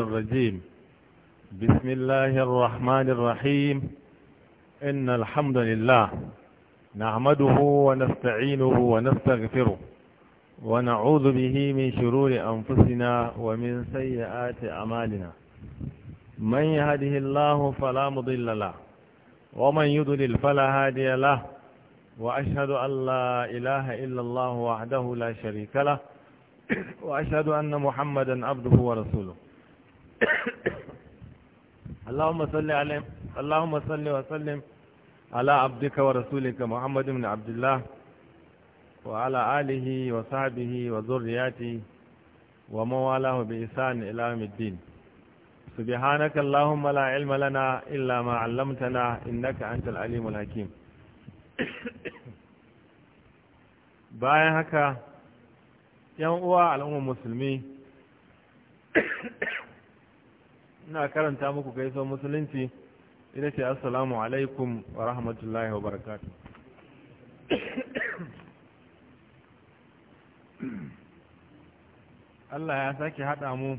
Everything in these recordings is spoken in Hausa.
الرجيم بسم الله الرحمن الرحيم إن الحمد لله نعمده ونستعينه ونستغفره ونعوذ به من شرور أنفسنا ومن سيئات أعمالنا من يهده الله فلا مضل له ومن يضلل فلا هادي له وأشهد أن لا إله إلا الله وحده لا شريك له وأشهد أن محمدا عبده ورسوله اللهم صل عليه اللهم صل وسلم على عبدك ورسولك محمد بن عبد الله وعلى آله وصحبه وذرياته ومن والاه بإحسان إلى يوم الدين سبحانك اللهم لا علم لنا إلا ما علمتنا إنك أنت العليم الحكيم bayan haka yan uwa al'ummar المسلمين ina karanta muku gaisuwar musulunci Ina ce assalamu alaikum wa rahmatullahi wa barakatuh Allah ya sake haɗa mu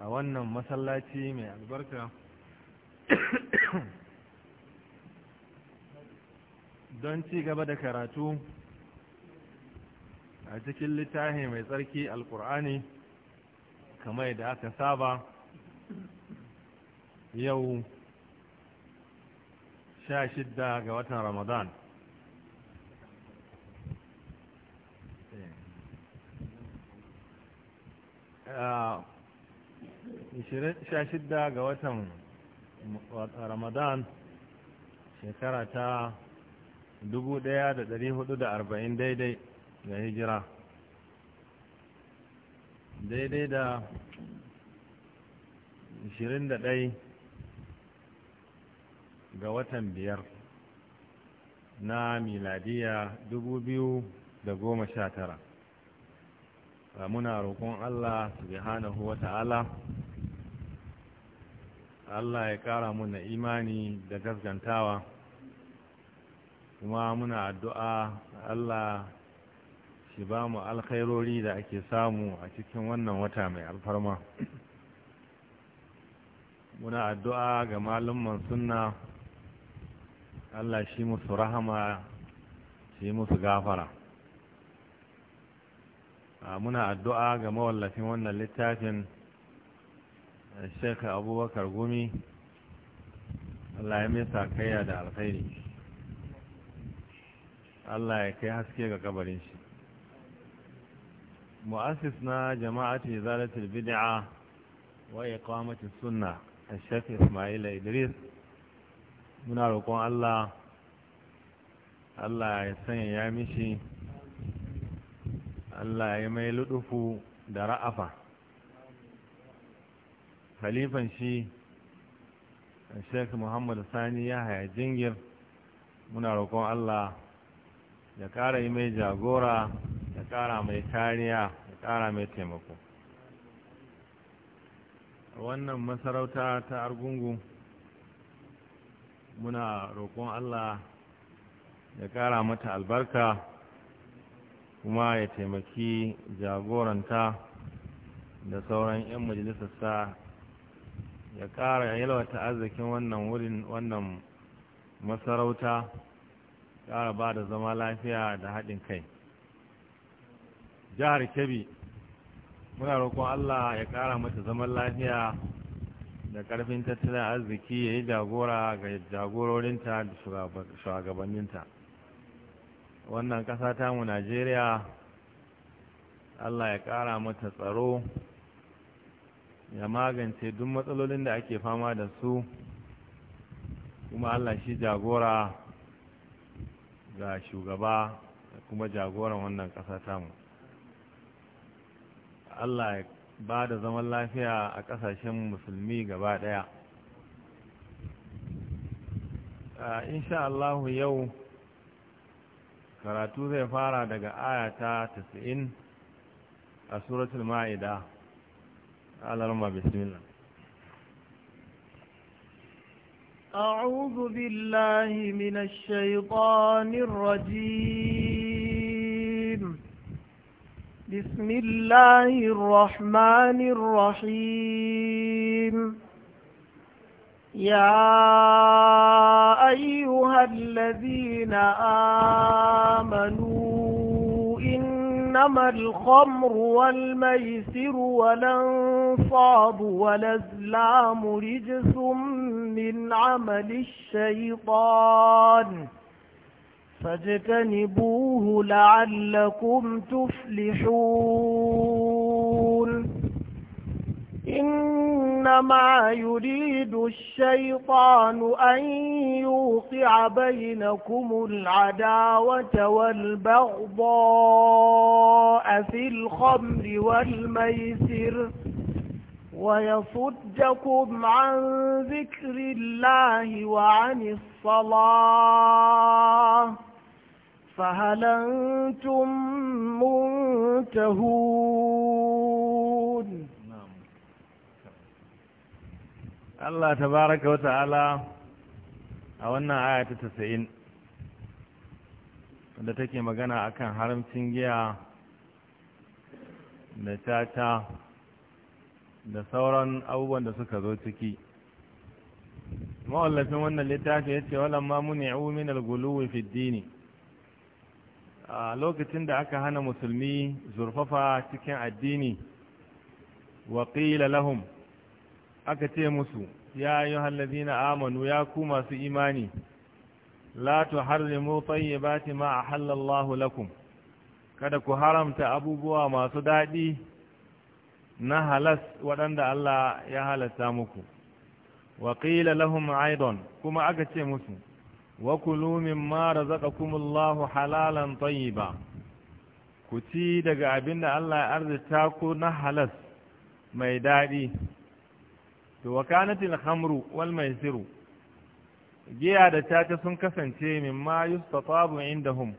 a wannan masallaci mai albarka don ci gaba da karatu a cikin littafi mai tsarki alkur'ani kamar yadda aka saba yau sha shidda ga watan ramadan sha shidda ga watan ramadan shekara ta 1440 daidai ga hijira daidai da 21 ga watan biyar na miladiya 2019 muna roƙon Allah subhanahu wa ta'ala Allah ya ƙara muna imani da gaskantawa kuma muna addu'a Allah shi ba mu alkhairori da ake samu a cikin wannan wata mai alfarma muna addu'a ga malumman sunna Allah shi musu rahama shi musu gafara muna addu'a ga mawallafin wannan littafin shekha abubakar gumi Allah ya mai sakayya da alkhairi Allah ya kai haske ga kabarin shi مؤسس نا جماعة إزالة البدعة وإقامة السنة الشيخ إسماعيل إدريس من roƙon Allah Allah ya sanya ya mishi Allah ya mai luɗufu da ra'afa khalifan shi Sheikh Muhammad Sani ya haya jingir muna roƙon Allah ya ƙara yi mai jagora mai kariya ya mai taimako wannan masarauta ta argungu muna roƙon Allah ya ƙara mata albarka kuma ya taimaki jagoranta da sauran 'yan majalisarsa ya ƙara yalwata arzikin wannan wurin wannan masarauta ƙara ba da zama lafiya da haɗin kai jihar kebbi muna roƙon allah ya ƙara mata zaman lafiya da ƙarfin tattalin arziki ya yi jagora ga jagororinta da shugabanninta wannan ƙasa tamu najeriya allah ya ƙara mata tsaro ya magance duk matsalolin da ake fama da su kuma allah shi jagora ga shugaba kuma jagoran wannan ƙasa tamu Allah ya ba da zaman lafiya a ƙasashen musulmi gaba ɗaya sha Allahu yau karatu zai fara daga ayata 90 a suratul ma'ida alarma bismillah أعوذ بالله من الشيطان الرجيم بسم الله الرحمن الرحيم يا أيها الذين آمنوا إنما الخمر والميسر والأنصاب والأزلام رجس من عمل الشيطان فاجتنبوه لعلكم تفلحون إنما يريد الشيطان أن يوقع بينكم العداوة والبغضاء في الخمر والميسر ويصدكم عن ذكر الله وعن الصلاة فهل أنتم منتهون Allah tabaraka wa ta'ala a wannan aya ta da take magana akan haramcin giya da tata da sauran abubuwan da suka zo ciki mawallafin wannan littafi ya ce walamma muni'u min al-guluwi fi a lokacin da aka hana musulmi zurfafa cikin addini waƙila lahum aka ce musu ya yi na amanu ya ku masu imani la tuharrimu batima ma hallallahu lakum kada ku haramta abubuwa masu daɗi na halas waɗanda Allah ya halatta muku waƙila lahum aidon kuma aka ce musu wa kulu mimma razaqakumullahu halalan tayyiba ku ci daga abinda Allah ya arzita ku na halas mai dadi to wa kanatil khamru wal maisiru giya da caca sun kasance mimma yustatabu indahum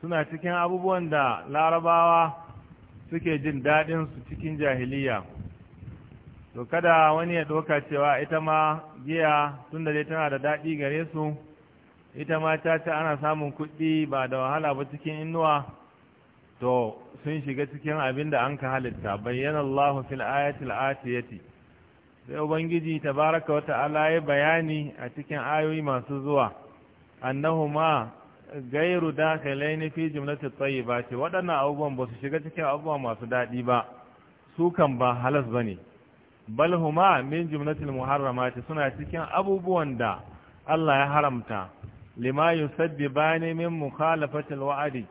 suna cikin abubuwan da larabawa suke jin daɗin su cikin jahiliya to kada wani ya ɗauka cewa ita ma giya tun da dai tana da daɗi gare su ita ma caca ana samun kuɗi ba da wahala ba cikin inuwa to sun shiga cikin abin da an ka halitta bayyana Allah fil ayatil atiyati sai ubangiji tabaraka wata'ala ya bayani a cikin ayoyi masu zuwa annahuma gairu dakhilaini fi jumlatit tayyibati waɗannan abubuwan ba su shiga cikin abubuwa masu daɗi ba su kan ba halas bane bal huma min jumlatil muharramati suna cikin abubuwan da Allah ya haramta lima ba min mukhalafatil wa'adi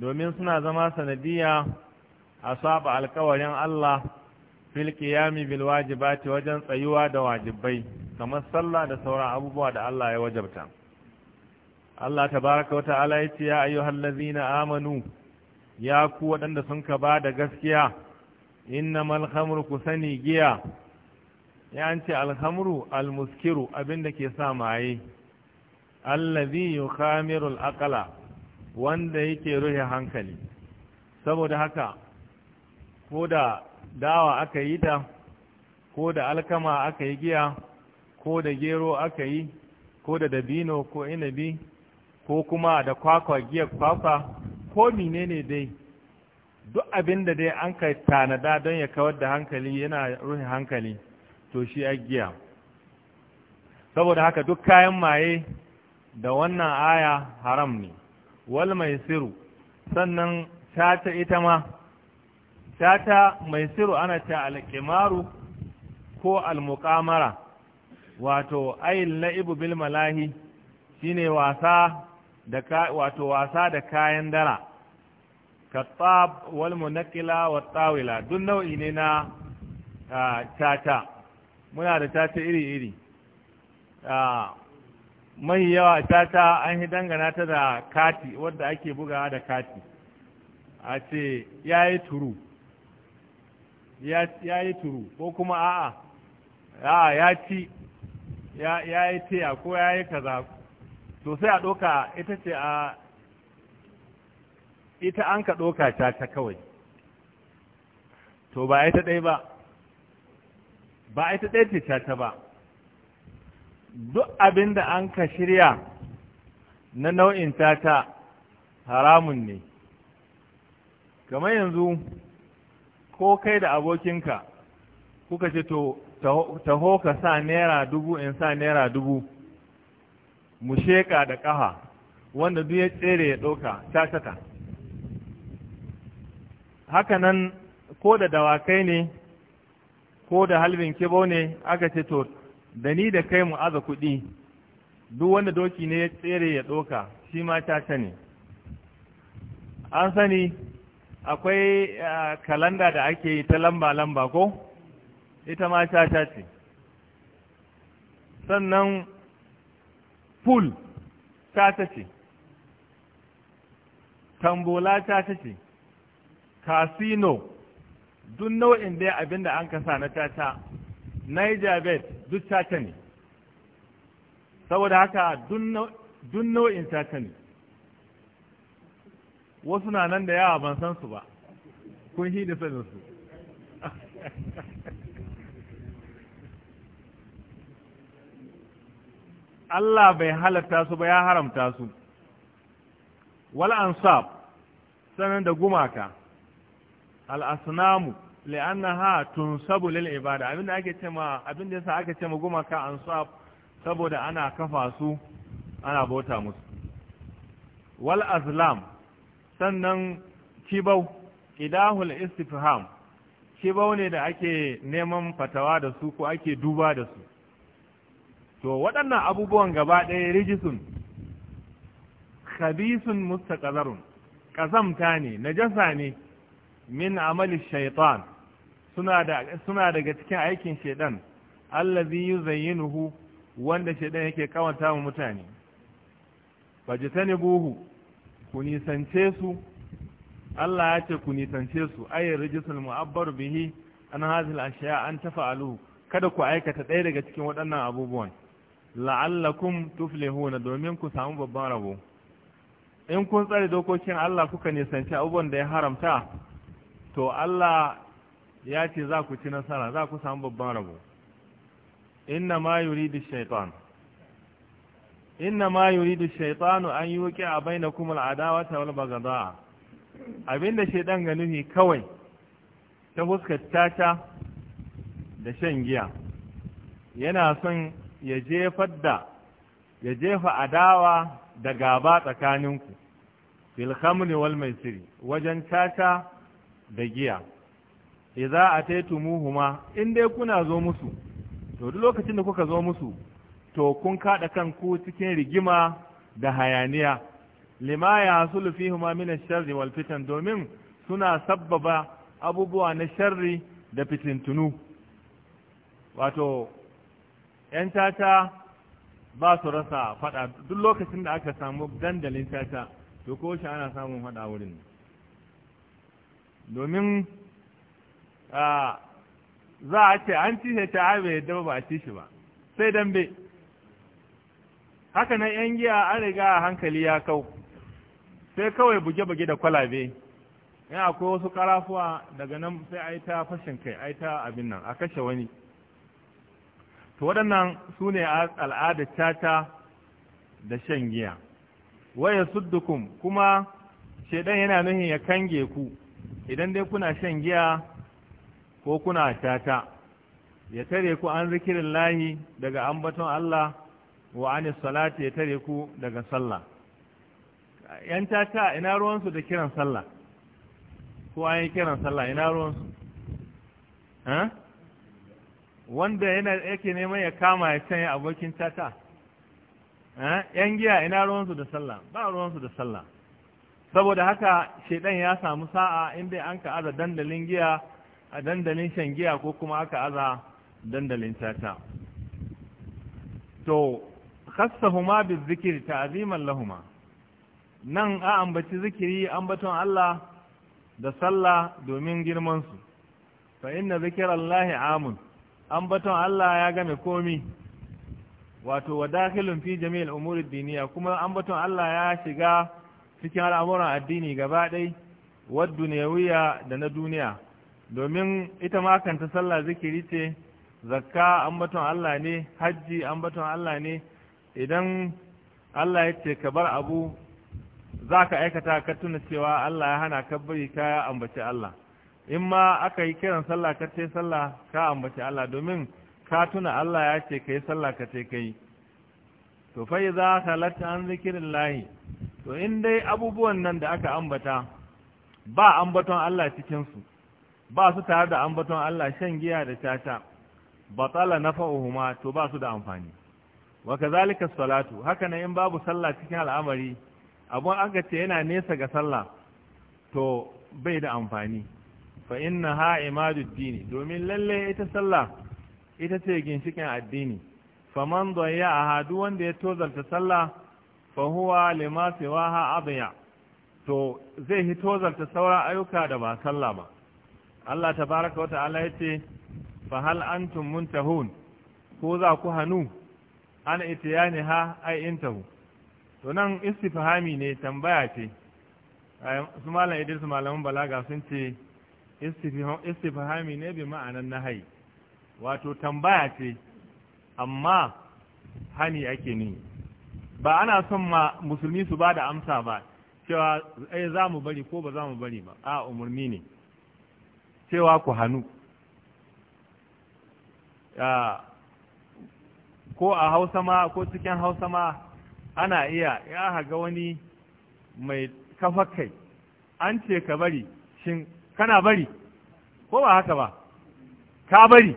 domin suna zama sanadiya a saba alkawarin Allah fil qiyami bil wajibati wajen tsayuwa da wajibai kamar sallah da sauran abubuwa da Allah ya wajabta Allah tabaraka wa ta'ala yace ya ayyuhallazina amanu ya ku waɗanda sun ka ba da gaskiya innamal khamru ku sani giya ya ce alhamru almuskiru abinda ke sa maye allazi al aqla wanda yake ruhi hankali saboda haka ko dawa aka yi ta ko da alkama aka yi giya ko da gero aka yi koda dabino ko inabi ko kuma da kwakwa giya kwakwa ko menene dai duk abin da dai an kai tanada don ya kawar da hankali yana ruhi hankali to shi a giya saboda haka duk kayan maye da wannan aya haram ne wal mai siru sannan shata ita ma shata mai siru ana ta alkimaru ko almukamara wato ayin la'ibu bil malahi shine wasa da wato wasa da kayan dara kattab wal munakila wa tawila duk nau'i ne na tata ah, muna da tata iri-iri ah, mai yawa ta an yi dangana ta da kati wadda ake bugawa da kati a ce ya yi turu ya yi turu ko kuma a'a a'a ya ci ya yi tiya ko ya yi kaza to sai a ɗoka ita ce a ita an ka ɗoka ta ta kawai to ba ita ɗai ba ba ita ɗai ce ta ta ba duk abin da an ka shirya na nau'in tata haramun ne kamar yanzu ko kai da abokinka kuka ce to taho ka sa naira dubu in sa naira dubu mu sheka da ƙafa wanda duk ya tsere ya ɗauka ta saka hakanan ko da dawakai ne ko da halbin kibo ne aka ce to da ni da kai mu aza kuɗi duk wanda doki ne ya tsere ya ɗoka shi ma caca ne an sani akwai kalanda da ake yi ta lamba-lamba ko ita ma caca ce sannan ful caca ce tambola caca ce casino duk nau'in dai abinda an kasa na caca niger bet duk tata ne saboda haka dun nau'in tata ne wasu na nan da yawa ban san su ba kun shi da sanin su Allah bai halatta su ba ya haramta su wal ansab sanin da gumaka al asnamu li'annaha tunsabu lil ibada da ake cewa abinda yasa aka ce gumaka ansab saboda ana kafa su ana bota musu wal azlam sannan kibau idahul istifham kibau ne da ake neman fatawa da su ko ake duba da su to waɗannan abubuwan gaba ɗaya rijisun khabisun mustaqazarun kazamta ne najasa ne min amali shaitan suna daga cikin aikin shaitan allazi yuzayyinuhu wanda shaitan yake kawanta wa mutane buhu, ku nisance su Allah ya ce ku nisance su ayi rijisul mu'abbar bihi an hazil ashiya an tafa'alu kada ku aikata ɗaya daga cikin waɗannan abubuwan la'allakum tuflihuna domin ku samu babban rabo in kun tsare dokokin Allah kuka nisanci abubuwan da ya haramta to Allah ya ce za ku ci nasara za ku samu babban rabo inna ma yuridu shaitan inna ma yuridu shaitanu an yuqi a bainakum al'adawata wal baghdha abinda shaitan ga nufi kawai ta fuskar tata da shan giya yana son ya jefar da ya jefa adawa da gaba tsakaninku fil khamri wal maisiri wajen tata da giya za idza ataytumuhuma in dai kuna zo musu to duk lokacin da kuka zo musu to kun kada kanku cikin rigima da hayaniya lima yahsulu fihima min ash-sharri wal fitan domin suna sabbaba abubuwa na sharri da fitintunu wato yan tata ba su rasa fada duk lokacin da aka samu dandalin tata to ko shi ana samun fada wurin domin za a ce an cishe ta ai yadda ba a ci shi ba sai dambe haka nan yan giya an riga a hankali ya kau sai kawai buge-buge da kwalabe yana akwai wasu karafuwa daga nan sai a yi ta fashin kai a yi ta abin nan a kashe wani to waɗannan su ne al'adar cata da shan giya waye suddukum kuma shaidan yana nuhin ya kange ku idan dai kuna shan giya ko kuna tata ya tare ku an zikirin lahi daga ambaton Allah wa anis salati ya tare ku daga sallah yan tata ina ruwansu da kiran sallah ko an yi kiran sallah ina ruwansu wanda yana yake neman ya kama ya canya abokin tata yan giya ina ruwansu da sallah ba ruwansu da sallah saboda haka shedan ya samu sa'a in dai an ka aza dandalin giya a dandalin shan giya ko kuma aka aza dandalin tata to khassahuma bizikr ta'ziman lahuma nan a ambaci zikiri ambaton Allah da sallah domin girman su fa inna zikirallahi amun ambaton Allah ya game komi wato wa dakhilun fi jami'il umuri diniya kuma ambaton Allah ya shiga cikin al'amuran addini gaba ɗai ne wuya da na duniya domin ita makanta sallah zikiri ce zakka ambaton Allah ne hajji ambaton Allah ne idan Allah ya ce ka bar abu za ka aikata ka tuna cewa Allah ya hana ka bari ka ambaci Allah in ma aka yi kiran sallah ka ce sallah ka ambaci Allah domin ka tuna Allah ya ce ka yi sallah ka ce ka yi to fa ka khalat an zikirin layi. to in dai abubuwan nan da aka ambata ba ambaton Allah cikinsu ba su tare da ambaton Allah shan giya da caca batala nafa'uhuma to ba su da amfani wa kazalika salatu haka ne in babu sallah cikin al'amari abun aka ce yana nesa ga sallah to bai da amfani fa inna ha dini domin lalle ita sallah ita ce ginshikin addini faman a ahadu wanda ya tozalta sallah fahuwa lima ha abiya to zai hito zarta sauran ayyuka da ba sallah ba Allah tabaraka wata'ala yace fa hal antum muntahun ko za ku hanu an itiyani ha ai intahu to nan istifhami ne tambaya ce su malam Idris malamin balaga sun ce istifhami ne bi ma'anan nahayi wato tambaya ce amma hani ake ni ba ana son ma musulmi su ba da amsa ba cewa ai eh, za mu bari ko ba za mu bari ba a umarni ne cewa ku hannu ko a hausa ma ko cikin hausa ma ana iya ya haga wani mai kafa kai an ce ka bari shin kana bari ko ba haka ba ka bari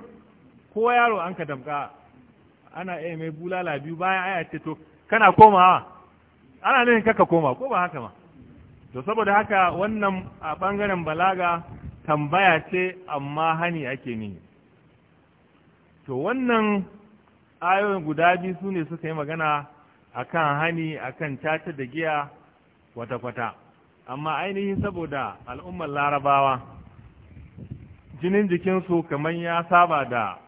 ko yaro an ka damka ana iya mai bulala biyu bayan ayyace to kana komawa ana ka kaka koma ko ba haka ba to saboda haka wannan a bangaren balaga tambaya ce amma hani ake ni to wannan ayoyin guda biyu su ne suka yi magana akan hani akan caca da giya kwata-kwata amma ainihin saboda al'ummar larabawa jinin jikinsu kamar ya saba da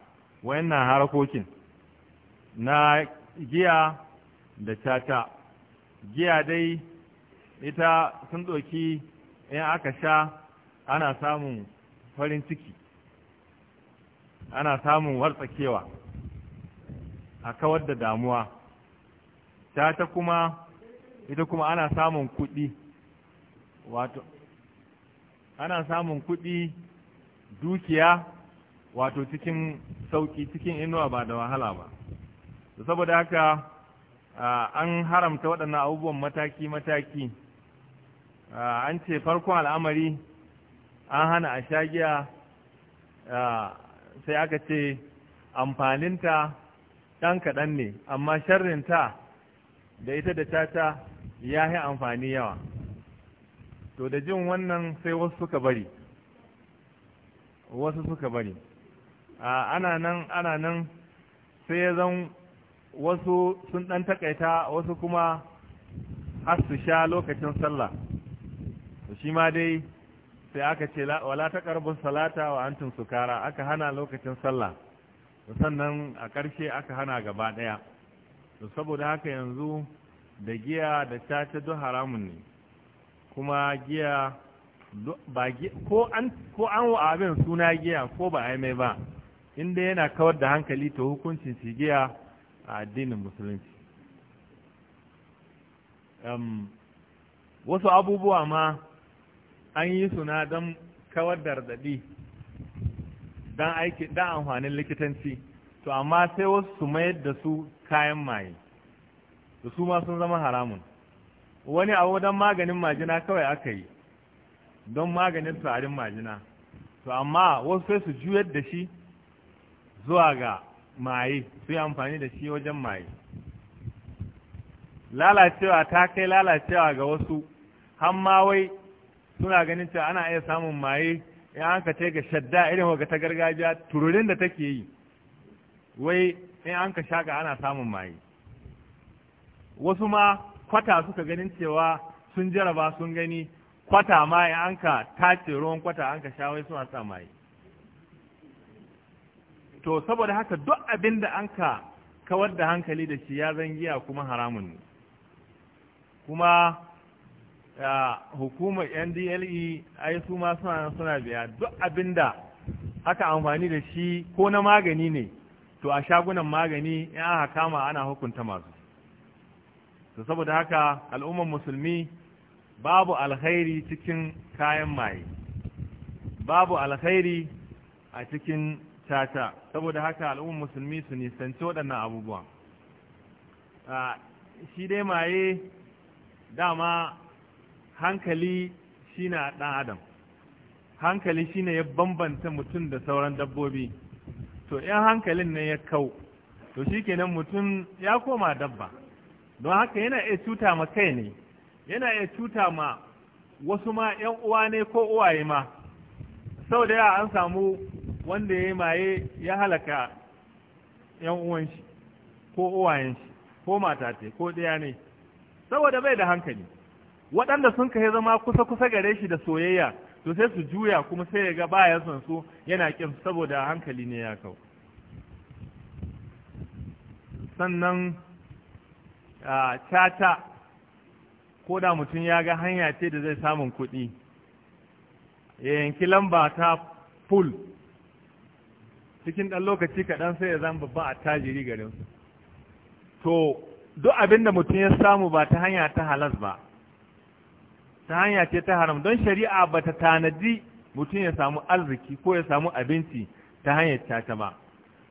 wayannan harakokin na giya da cata giya dai ita sun ɗoki in aka sha ana samun farin ciki ana samun wartsakewa a kawar da damuwa cata kuma ita kuma ana samun kuɗi wato ana samun kuɗi dukiya wato cikin sauƙi cikin inuwa ba da wahala ba saboda haka an haramta waɗannan abubuwan mataki-mataki an ce farkon al'amari an hana a shagiya sai aka ce amfaninta ɗan kaɗan ne amma sharrinta da ita da tata ya yi amfani yawa to da jin wannan sai wasu suka bari wasu suka bari ana nan ana nan sai ya zan wasu sun ɗan takaita wasu kuma har su sha lokacin sallah to shi ma dai sai aka ce wala ta karbin salata wa antum sukara aka hana lokacin sallah sannan a ƙarshe aka hana gaba ɗaya to saboda haka yanzu da giya da caca duk haramun ne kuma giya ba ko an ko an wa abin suna giya ko ba ai mai ba inda yana kawar da hankali to hukuncin shi giya a addinin musulunci wasu abubuwa ma an yi suna don kawar da raɗaɗi don aiki don amfanin likitanci to amma sai wasu su mayar da su kayan maye da su ma sun zama haramun wani abu don maganin majina kawai aka yi don maganin tsarin majina to amma wasu sai su juyar da shi zuwa ga maye su yi amfani da shi wajen maye lalacewa ta kai lalacewa ga wasu hammawai suna ganin cewa ana iya samun maye in an ka ce ga shadda irin waga ta gargajiya tururin da take yi wai in an ka shaka ana samun maye wasu ma kwata suka ganin cewa sun jaraba sun gani kwata ma in an ka tace ruwan kwata an ka sha wai suna sa maye to saboda haka duk abin da an ka kawar da hankali da shi ya zangiya kuma haramun ne kuma hukumar ndle ai su ma suna suna biya duk abin da aka amfani da shi ko na magani ne to a shagunan magani in aka kama ana hukunta masu to saboda haka al'ummar musulmi babu alkhairi cikin kayan maye babu alkhairi a cikin tata saboda haka al'ummar musulmi su nisanci waɗannan abubuwa shi dai maye dama hankali shi na ɗan adam hankali shi ne ya bambanta mutum da sauran dabbobi to yan hankalin ne ya kau to shi kenan mutum ya koma dabba don haka yana iya cuta ma kai ne yana iya cuta ma wasu ma yan uwa ne ko uwaye ma sau da yawa an samu wanda ya yi maye ya halaka yan uwanshi ko uwayenshi ko mata ko ɗaya ne saboda bai da hankali waɗanda sun kai zama kusa kusa gare shi da soyayya to sai su juya kuma sai ya ga baya son su yana kin saboda hankali ne ya kau sannan cata ko da mutum ya ga hanya ce da zai samun kuɗi ya yanki lamba ta full cikin ɗan lokaci kaɗan sai ya zama babban attajiri garin su to duk abin da mutum ya samu ba ta hanya ta halas ba ta hanya ce ta haram don shari'a ba ta tanadi mutum ya samu arziki ko ya samu abinci ta hanyar caca ba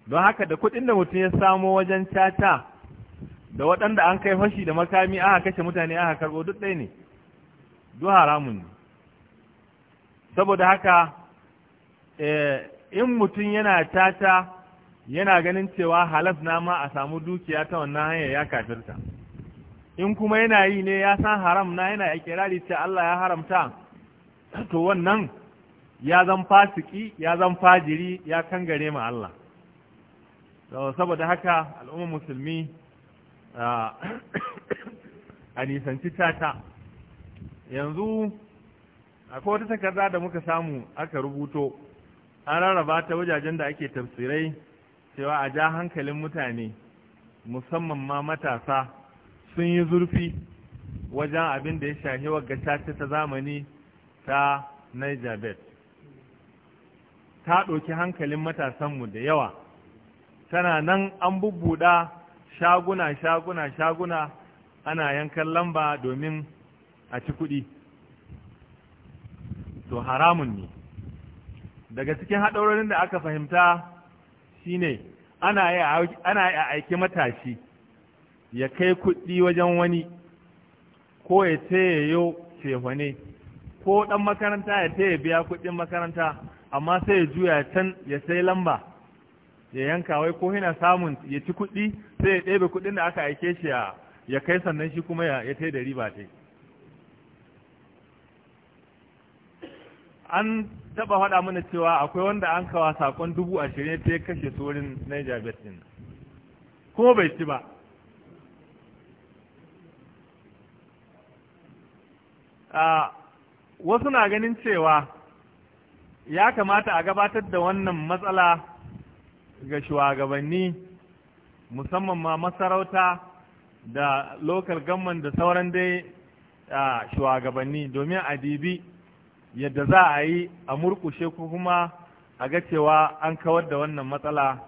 don haka da kuɗin da mutum ya samu wajen caca da waɗanda an kai fashi da makami aka kashe mutane aka karɓo duk ɗaya ne duk haramun ne saboda haka eh, in mutum yana tata yana ganin cewa halas na ma a samu dukiya ta wannan hanyar ya kafirta in kuma yana yi ne ya san haram na yana kirari ce Allah ya haramta to wannan ya zan fasiki ya zan fajiri ya kangare ma Allah saboda haka al'ummar musulmi a nisanci tata yanzu akwai wata takarda da muka samu aka rubuto an rarraba ta wajajen da ake tafsirai cewa a ja hankalin mutane musamman ma matasa sun yi zurfi wajen abin da ya shahi wagga ce ta zamani ta niger bet ta ɗauki hankalin matasanmu da yawa tana nan an bubbuda shaguna shaguna shaguna ana yankan lamba domin a ci kuɗi to haramun ne daga cikin haɗarorin da aka fahimta shine ana yi a aiki matashi ya kai kuɗi wajen wani ko ya ce yayo cefane ko ɗan makaranta ya ce biya kuɗin makaranta amma sai ya juya can ya sai lamba ya yanka wai ko yana samun ya ci kuɗi sai ya ɗebe kuɗin da aka aike shi ya kai sannan shi kuma ya ta da riba ce an taba faɗa mana cewa akwai wanda an kawa sakon dubu ashirin ta ya kashe sorin Niger Bet kuma bai ci ba wasu na ganin cewa ya kamata a gabatar da wannan matsala ga shugabanni musamman ma masarauta da local government da sauran dai shugabanni domin a adibi yadda za a yi a murkushe ko kuma a ga cewa an kawar da wannan matsala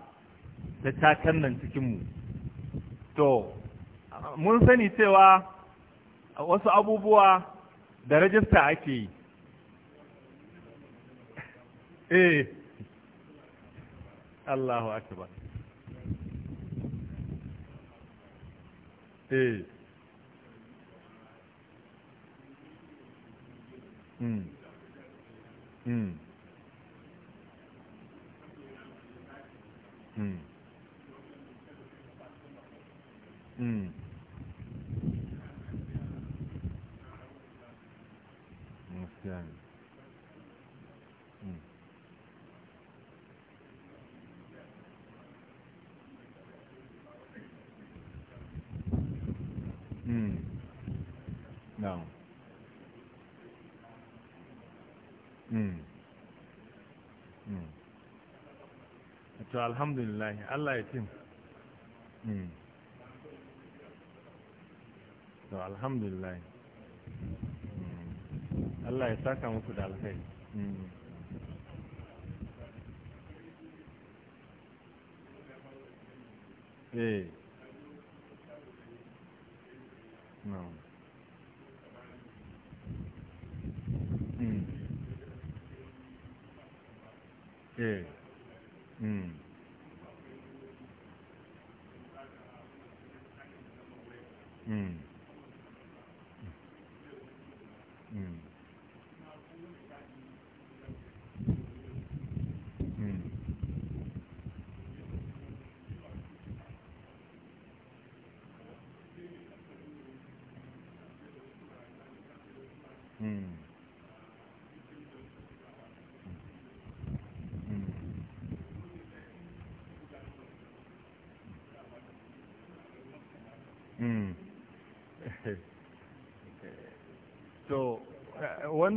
da takan nan cikinmu to mun sani cewa wasu abubuwa da rajista ake yi eh Allahu akbar eh hmm. 嗯，嗯，嗯，嗯，嗯，嗯，能。Mm. Mm. to alhamdulillah Allah ya cin mm. to alhamdulillah Allah ya saka muku da alkhairi eh no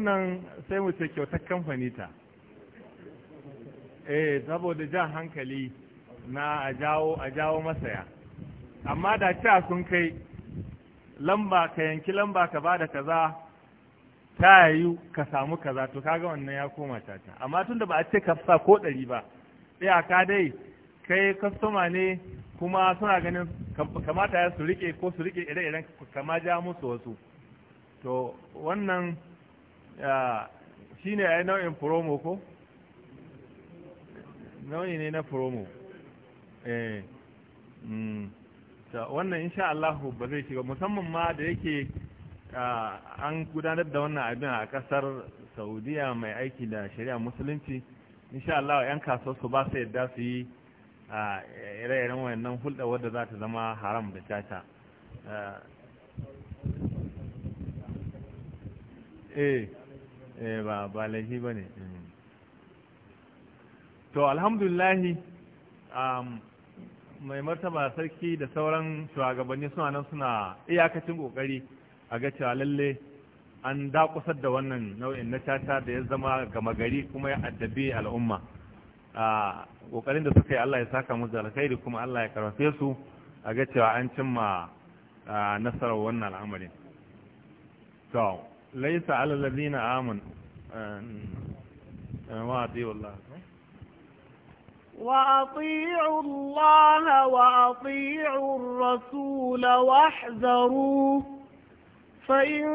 wannan sai mu ce kyautar kamfani ta eh saboda jan hankali na a jawo a jawo masaya amma da cewa sun kai lamba ka yanki lamba ka bada kaza ta yayu ka samu kaza to kaga wannan ya koma tata amma tunda ba a ce ka sa ko ɗari ba aka dai kai kastoma ne kuma suna ganin kamata ya su rike ko su rike ire-iren kama ja musu wasu to wannan shi ne a nau'in promo ko? nau'in ne na promo eh, mm, wannan insha Allah ba zai shiga musamman ma da yake an gudanar da wannan abin a kasar saudiya mai aiki da shari'a musulunci insha Allah yan kasuwa su ba su yadda su yi a ire-iren wannan hulɗa wadda za ta zama haram da caca eh, eh Eh, ba ba laifi ba ne mm. to alhamdulillahi um, mai martaba sarki da sauran shugabanni suna nan suna iyakacin kokari a ga cewa lalle an dakusar da wannan nau'in na tata da ya zama gama gari kuma ya addabi al'umma a kokarin da suka yi Allah ya saka musu da alkhairi kuma Allah ya karfafe su a ga cewa an cimma nasarar wannan al'amarin to ليس على الذين آمنوا آه، آه، وعدي والله وأطيعوا الله وأطيعوا الرسول واحذروا فإن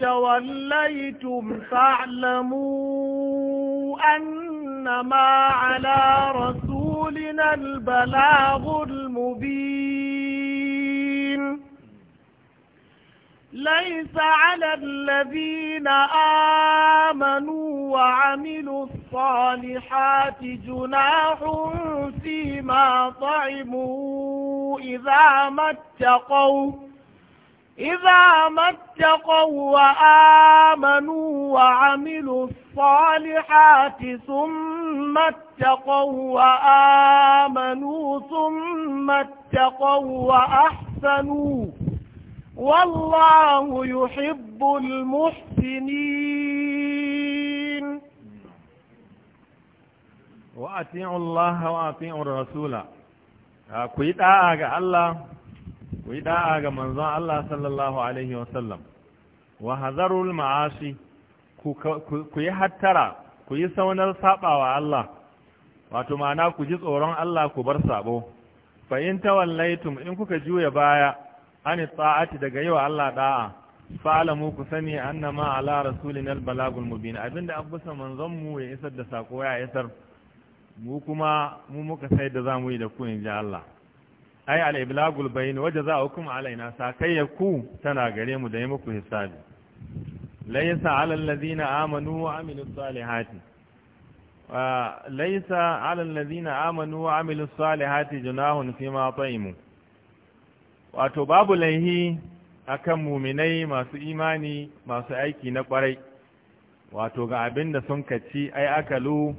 توليتم فاعلموا أنما على رسولنا البلاغ المبين ليس على الذين آمنوا وعملوا الصالحات جناح فيما طعموا إذا ما اتقوا إذا ما اتقوا وآمنوا وعملوا الصالحات ثم اتقوا وآمنوا ثم اتقوا وأحسنوا والله يحب المحسنين وأطيعوا الله وأطيعوا الرسول كوي داعا ga Allah kuyi da'a ga manzon Allah sallallahu alaihi wasallam wa ku yi hattara ku yi saunar sabawa Allah wato ma'ana ku ji tsoron Allah ku bar saɓo. fa in in kuka juya baya an ta'ati daga yau Allah da'a fa'alamu ku sani annama ala rasulina albalagul mubin abinda abusa manzon mu ya isar da sako ya isar mu kuma mu muka sai da zamu yi da ku inji Allah ai al iblagul bayin wa jazaa'ukum alaina sakayya ku tana gare mu da yi muku hisabi laysa ala alladhina amanu wa amilus salihati laysa ala alladhina amanu wa amilus salihati junahun fima ta'imu wato babu laihi akan muminai masu imani masu aiki na kwarai wato ga abin da sun kaci ai akalu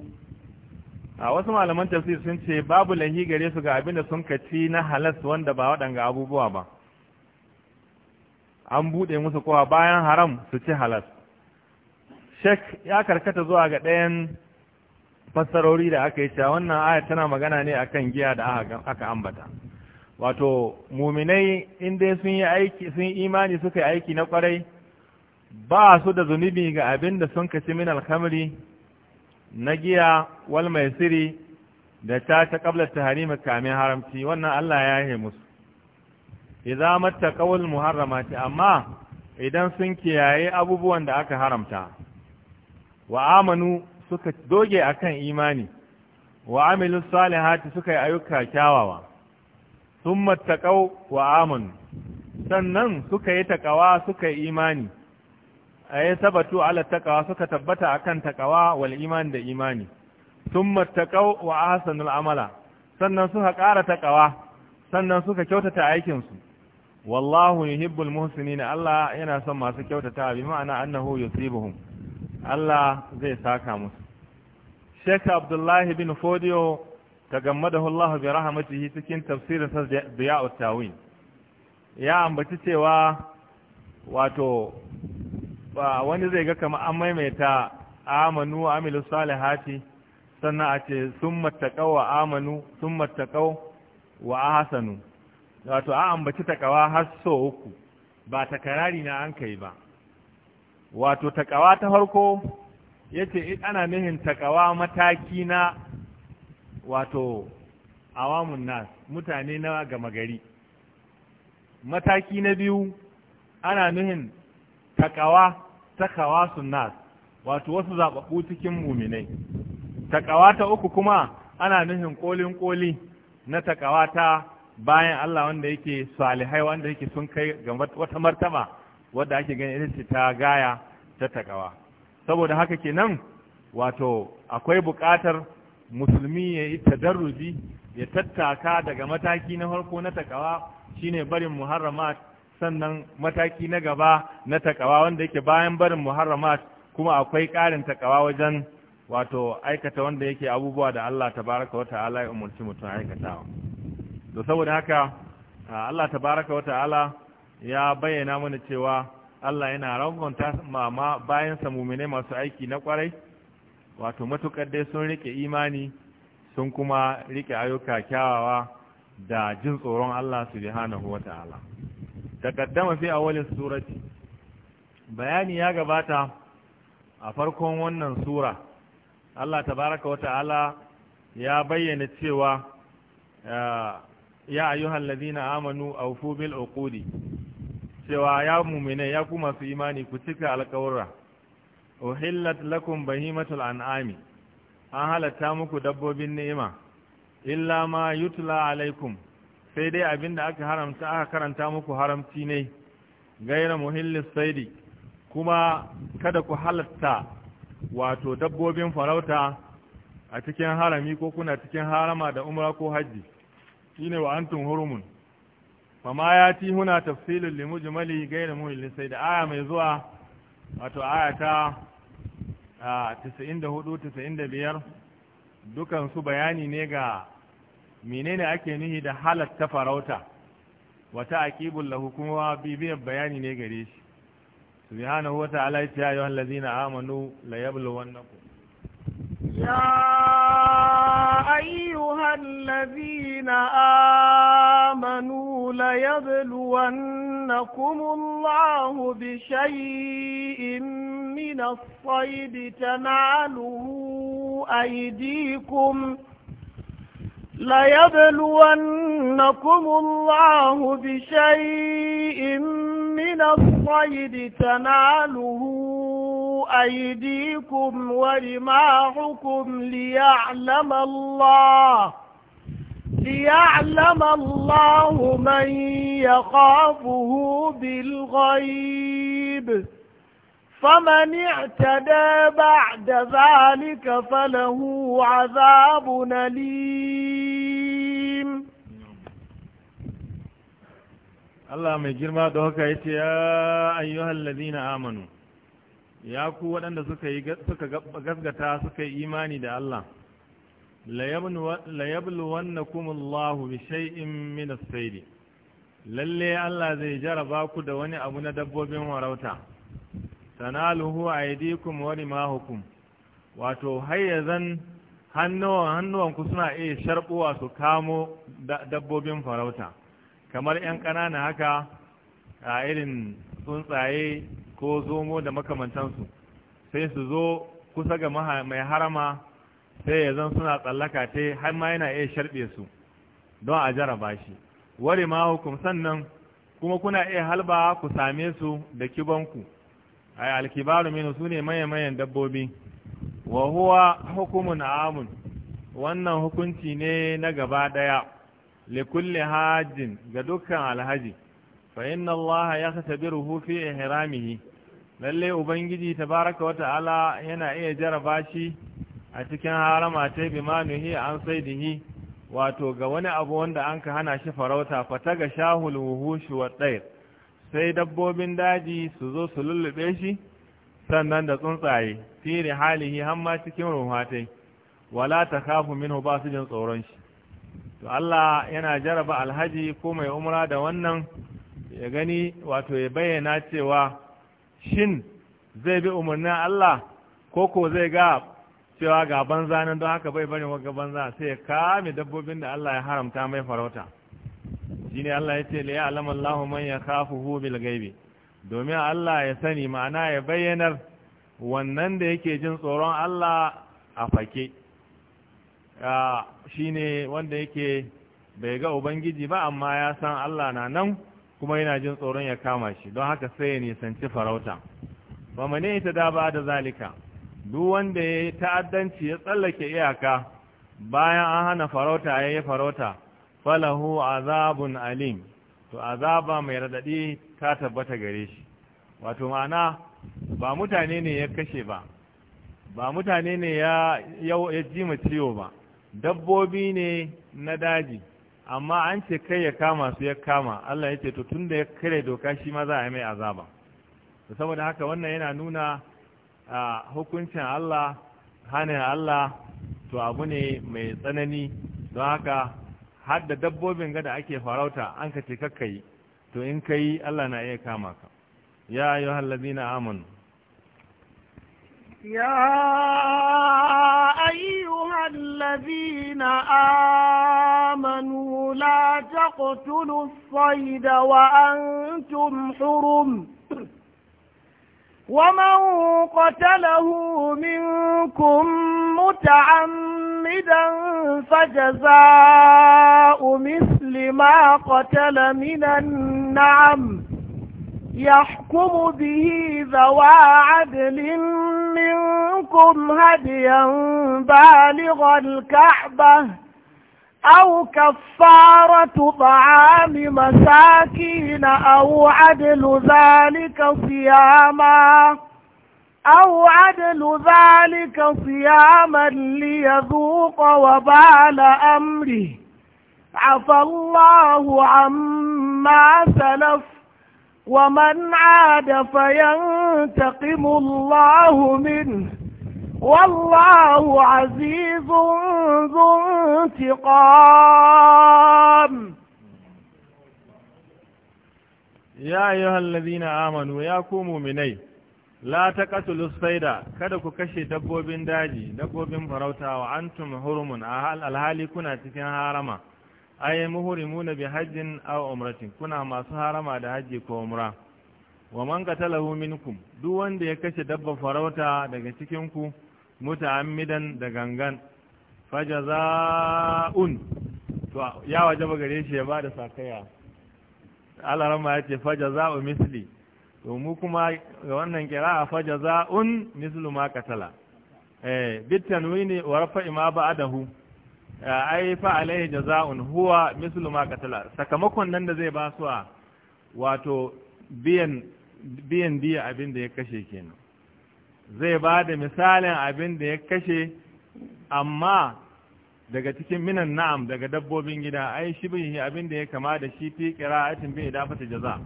a wasu malaman tafsir sun ce babu laihi gare su ga abin da sun kaci na halas wanda ba waɗanga abubuwa ba an buɗe musu kowa bayan haram su ci halas shek ya karkata zuwa ga ɗayan fassarori da aka yi cewa wannan aya tana magana ne akan giya da aka ambata wato muminai in dai sun yi aiki sun imani suka yi aiki na kwarai ba su da zunubi ga abin da sun kaci min alkhamri na giya wal maisiri da ta ta kabla harima kamin haramci wannan Allah ya yi musu idza mattaqawul muharramati amma idan sun kiyaye abubuwan da aka haramta wa amanu suka doge akan imani wa amilu salihati suka yi ayyuka kyawawa sun mattaƙau wa amanu sannan suka yi taƙawa suka yi imani a yi sabatu ala taƙawa suka tabbata akan taƙawa wal iman da imani sun mattaƙau wa ahasanul amala sannan suka ƙara taƙawa sannan suka kyautata aikinsu wallahu muhsini muhsinin Allah yana son masu kyautata bi ma'ana annahu yusibuhum Allah zai saka musu Sheikh Abdullahi bin Fodio tagammadahu Allah bi rahmatihi cikin tafsirin sa Diya'ut ya ambaci cewa wato ba wani zai ga kamar an maimaita amanu wa amilu salihati sannan a ce sun mattaƙau wa amanu sun mattaƙau wa ahasanu wato an ambaci taƙawa har so uku ba takarari na an kai ba wato taƙawa ta farko ya yace ana nihin taƙawa mataki na wato awamun nas mutane na gama gari mataki na biyu ana nuhin takawa takawa sunnas wato wasu zaɓaɓɓu cikin muminai takawa ta uku kuma ana nuhin ƙolin ƙoli na takawa ta bayan Allah wanda yake salihai wanda yake sun kai ga wata martaba wadda ake gani ita ce ta gaya ta takawa saboda haka kenan wato akwai buƙatar musulmi ya yi tadarruji ya tattaka daga mataki na farko na takawa shine barin muharramat sannan mataki na gaba na takawa wanda yake bayan barin muharramat kuma akwai ƙarin takawa wajen wato aikata wanda yake abubuwa da Allah tabaraka wa ta'ala ya umarci mutum aikatawa to saboda haka Allah tabaraka wa ta'ala ya bayyana mana cewa Allah yana rangonta mama bayan sa mumine masu aiki na kwarai wato matuƙar dai sun rike imani sun kuma rike ayyuka kyawawa da jin tsoron Allah subhanahu da taqaddama fi awali surati bayani ya gabata a farkon wannan sura Allah tabaraka wata'ala ya bayyana cewa ya ayyuhal ladina amanu awfu bil uqudi cewa ya mummina ya kuma su imani ku cika alƙawarra uhillat lakum bahimatul an'ami an halatta muku dabbobin ni'ima illa ma yutla alaikum sai dai abinda aka haramta aka karanta muku haramci ne gaira muhillis saidi kuma kada ku halatta wato dabbobin farauta a cikin harami ko kuna cikin harama da umra ko hajji shine wa antum hurumun fama ya ti huna tafsilin limujmali gaira muhillis saidi aya mai zuwa wato aya ta a 94 95 dukansu bayani ne ga menene ake nihi da halatta farauta wata aqibul lahu kuma bibiyar bayani ne gare shi subhanahu wa ta'ala ya ce ayyuhal ladzina amanu la ku. ya ayyuhal ladzina amanu la yabluwannakum Allahu bi shay'in من الصيد تناله أيديكم ليبلونكم الله بشيء من الصيد تناله أيديكم ورماحكم ليعلم الله ليعلم الله من يخافه بالغيب فمن اعتدى بعد ذلك فله عذاب أليم Allah mai girma da haka ya ce, “Ya ayyuhal lazina amanu, ya ku waɗanda suka gasgata suka yi imani da Allah, La layablu wannan kumullahu bi shay'in minas saidi, lalle Allah zai jaraba ku da wani abu na dabbobin warauta. tanaluhu aydikum wa rimahukum wato hayyazan hannuwan hannuwanku suna iya sharbuwa su kamo dabbobin farauta kamar 'yan ƙanana haka a irin tsuntsaye ko zomo da makamantansu sai su zo kusa ga mai harama sai ya zan suna tsallaka ta har ma yana iya sharbe su don a jaraba shi wari ma hukum sannan kuma kuna iya halba ku same su da kibanku ay alkibaru min sune mayan dabbobi wa huwa hukumun amun wannan hukunci ne na gaba daya li kulli hajjin ga dukkan alhaji fa inna Allah yahtabiruhu fi ihramihi lalle ubangiji tabaraka wata'ala yana iya jaraba shi a cikin harama ta bi manuhi an saidihi wato ga wani abu wanda an ka hana shi farauta fata ga shahul wuhushu wa sai dabbobin daji su zo su lullube shi sannan da tsuntsaye fi halihi hamma cikin ruhatai wala ta kafu minhu ba su jin tsoron shi to Allah yana jaraba alhaji ko mai umra da wannan ya gani wato ya bayyana cewa shin zai bi umarnin Allah ko ko zai ga cewa ga banza nan don haka bai bari wa ga banza sai ya kame dabbobin da Allah ya haramta mai farauta shine Allah ya ce la'ya ya'lamu Allahu man yakhafuhu bil ghaibi domin Allah ya sani ma'ana ya bayyanar wannan da yake jin tsoron Allah a fake shine wanda yake bai ga ubangiji ba amma ya san Allah na nan kuma yana jin tsoron ya kama shi don haka sai ya nisanci farauta ba mane ita da ba da zalika duk wanda ya ta'addanci ya tsallake iyaka bayan an hana farauta ya yi farauta falahu azabun alim to azaba mai radadi ta tabbata gare shi wato ma'ana ba mutane ne ya kashe ba ba mutane ne ya ji ma ciwo ba dabbobi ne na daji amma an ce kai ya kama su ya kama Allah ya ce to tunda ya kare doka shi ma za a yi mai azaba to saboda haka wannan yana nuna a hukuncin Allah hanin Allah to abu ne mai tsanani don haka har da dabbobin gada ake farauta an ka ce kakka yi to in ka yi Allah na iya kama ka ya ayu hallazina amanu ya ayyuhal ladina amanu la taqtulu sayda wa antum hurum ومن قتله منكم متعمدا واحدا فجزاء مثل ما قتل من النعم يحكم به ذوى عدل منكم هديا بالغ الكعبة أو كفارة طعام مساكين أو عدل ذلك صياماً أو عدل ذلك صياما ليذوق وبال أمره عفى الله عما سلف ومن عاد فينتقم الله منه والله عزيز ذو انتقام يا أيها الذين آمنوا يا كوموا منيه la ta katulu saida kada ku kashe dabbobin daji dabbobin farauta wa antum hurumun alhali kuna cikin harama ay na bi hajjin a umratin kuna masu harama da hajji ko umra wa man qatalahu huminkum, duk wanda ya kashe dabba farauta daga cikin ku amidan da gangan fajaza'un to ya ba gare shi ya bada sakaya Allah rama yace fajaza'u misli to kuma ga wannan kira a fa za'un mislu ma katala eh bitan wini wa rafa ma ba'dahu eh, ai fa alaihi jaza'un huwa mislu ma katala sakamakon nan da zai ba su a wato biyan biyan diya abin da ya kashe kenan zai ba da misalin abin da ya kashe amma daga cikin minan na'am daga dabbobin gida ai shi bin abin da ya kama da shi fi qira'atin bi idafati jaza'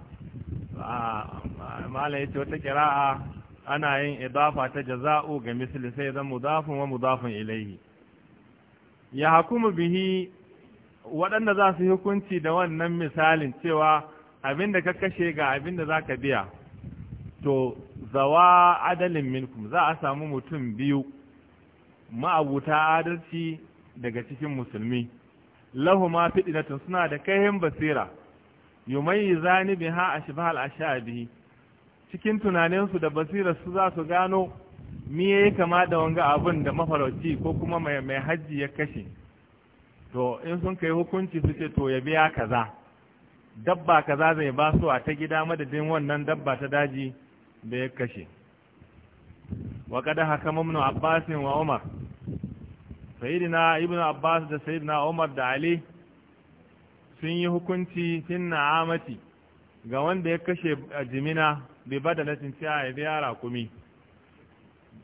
Ah, mala yace wata kira'a ana yin idafa ta jaza'u ga misli sai zan mudafun wa mudafun ilaihi ya hakumu bihi waɗanda za su hukunci da wannan misalin cewa abinda ka kashe ga abinda za ka biya to zawa adalin minkum za a samu mutum biyu ma'abuta adalci daga cikin musulmi ma fitnatun suna da kaihin basira yumayyizani biha a sha ashabi cikin tunaninsu da basirarsu za su gano miye ya kama da wanga abin da mafarauci ko kuma mai hajji ya kashe to in sun kai hukunci su ce to ya biya kaza dabba kaza zai ba su a ta gida madadin wannan dabba ta daji da ya kashe wa kada haka mamnu abbasin wa umar sayyidina ibnu abbas da sayyidina umar da ali sun yi hukunci fin na'amati ga wanda ya kashe a jimina bai bada latin cewa ya biya rakumi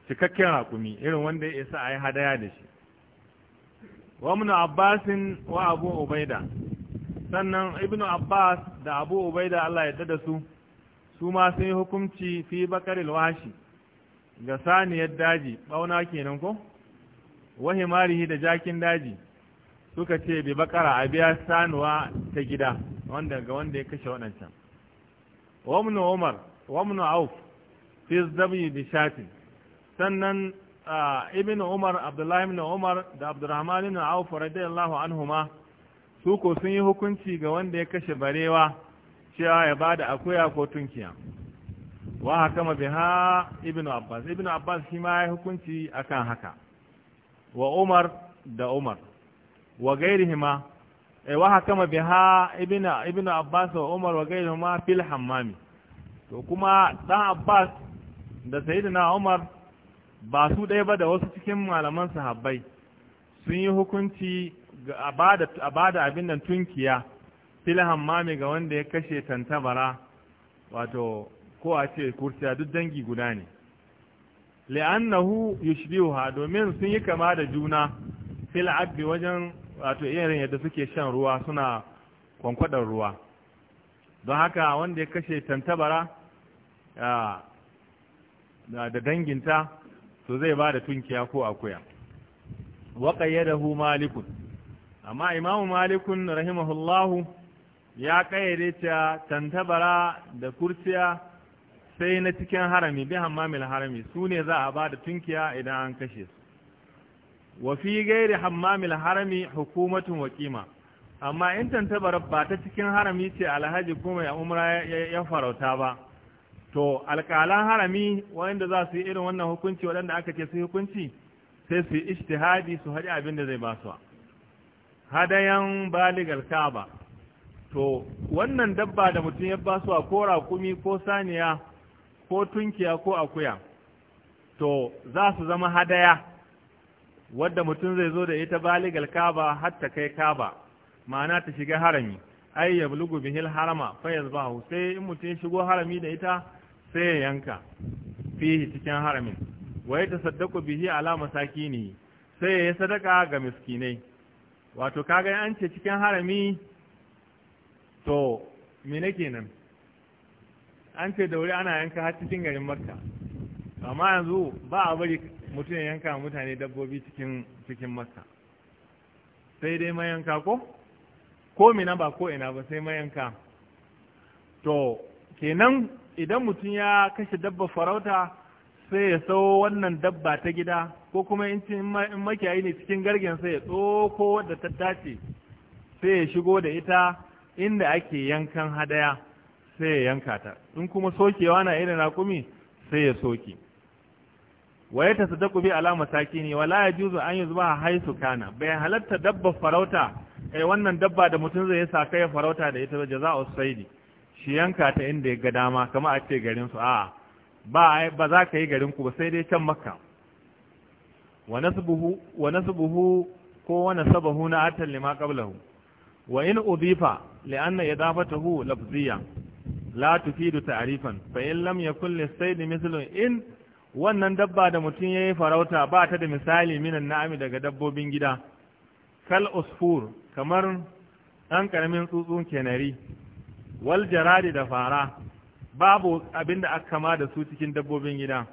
cikakken rakumi irin wanda ya isa a yi hadaya da shi wa muna abbasin wa abu ubaida sannan ibnu abbas da abu ubaida allah ya da su su ma sun yi hukunci fi bakaril washi ga saniyar daji bauna kenan ko wahimarihi da jakin daji suka ce bi bakara a biya sanuwa ta gida wanda ga wanda ya kashe waɗancan wamnu umar wamnu auf fi zabi bi shatin sannan ibn umar abdullahi ibn umar da abdurrahman ibn auf radiyallahu anhuma su ko sun yi hukunci ga wanda ya kashe barewa cewa ya bada akuya ko tunkiya wa haka ma biha ibn abbas ibn abbas shi ma ya hukunci akan haka wa umar da umar wa gairihima e wa hakama biha ibnu ibnu abbas wa umar wa gairihima fil hammami to kuma dan abbas da sayyidina umar ba su ɗaya ba da wasu cikin malaman sahabbai sun yi hukunci a ba da abin nan tunkiya fil hammami ga wanda ya kashe tantabara wato ko a ce kursiya duk dangi guda ne li'annahu yushbihuha domin sun yi kama da juna fil abdi wajen wato irin yadda suke shan ruwa suna kwankwadar ruwa don haka wanda ya kashe tantabara da danginta to zai ba da tunkiya ko akuya waƙayyadahu malikun amma imamu malikun rahimahullahu ya ƙayyade ta tantabara da kurciya sai na cikin harami bi hammamil harami su ne za a ba da tunkiya idan an kashe su wa fi gairi hammamil harami hukumatun waƙima. amma in tantabar ba ta cikin harami ce alhaji kuma ya umra ya farauta ba to alƙalan harami wanda za su yi irin wannan hukunci waɗanda aka ce su hukunci sai su yi ishtihadi su haɗi abin da zai ba su hadayan baligal kaba to wannan dabba da mutum ya ba su a ko raƙumi ko saniya ko tunkiya ko akuya to za su zama hadaya wadda mutum zai zo da ita baligal kaba har ta kai kaba ma'ana ta shiga harami ai ya bulugu bihil harama fa yazbahu sai in mutum ya shigo harami da ita sai ya yanka fihi cikin haramin wa ya tasaddaqu bihi ala masakini sai ya sadaka ga miskinai wato kaga an ce cikin harami to me nake nan an ce da wuri ana yanka har cikin garin makka amma yanzu ba a bari mutum ya yanka mutane dabbobi cikin cikin masa sai dai mayanka ko ko mina ba ko ina ba sai mayanka to kenan idan mutum ya kashe dabba farauta sai ya sau wannan dabba ta gida ko kuma in makiyayi ne cikin gargen sai ya tsoko wadda ta dace sai ya shigo da ita inda ake yankan hadaya sai ya yanka ta in kuma sokewa na irin rakumi sai ya soke wa ya tasaddaqu bi alama sakini wala yajuzu an yuzba haisu kana bai halatta dabba farauta eh wannan dabba da mutum zai sa kai farauta da ita jaza'u saidi shi yanka ta inda ya ga dama kamar a ce garin su a'a ba ba za ka yi garin ku ba sai dai can makka wa nasbuhu wa nasbuhu ko wa nasbuhu na atal lima qablahu wa in udifa li anna idafatuhu lafziyan la tufidu ta'rifan fa in lam yakul lis mithlu in wannan dabba da mutum ya yi farauta ba ta da misali minan na'ami daga dabbobin gida kal usfur kamar ɗan ƙaramin tsutsun kenari wal jaradi da fara babu abin da aka kama da su cikin dabbobin gida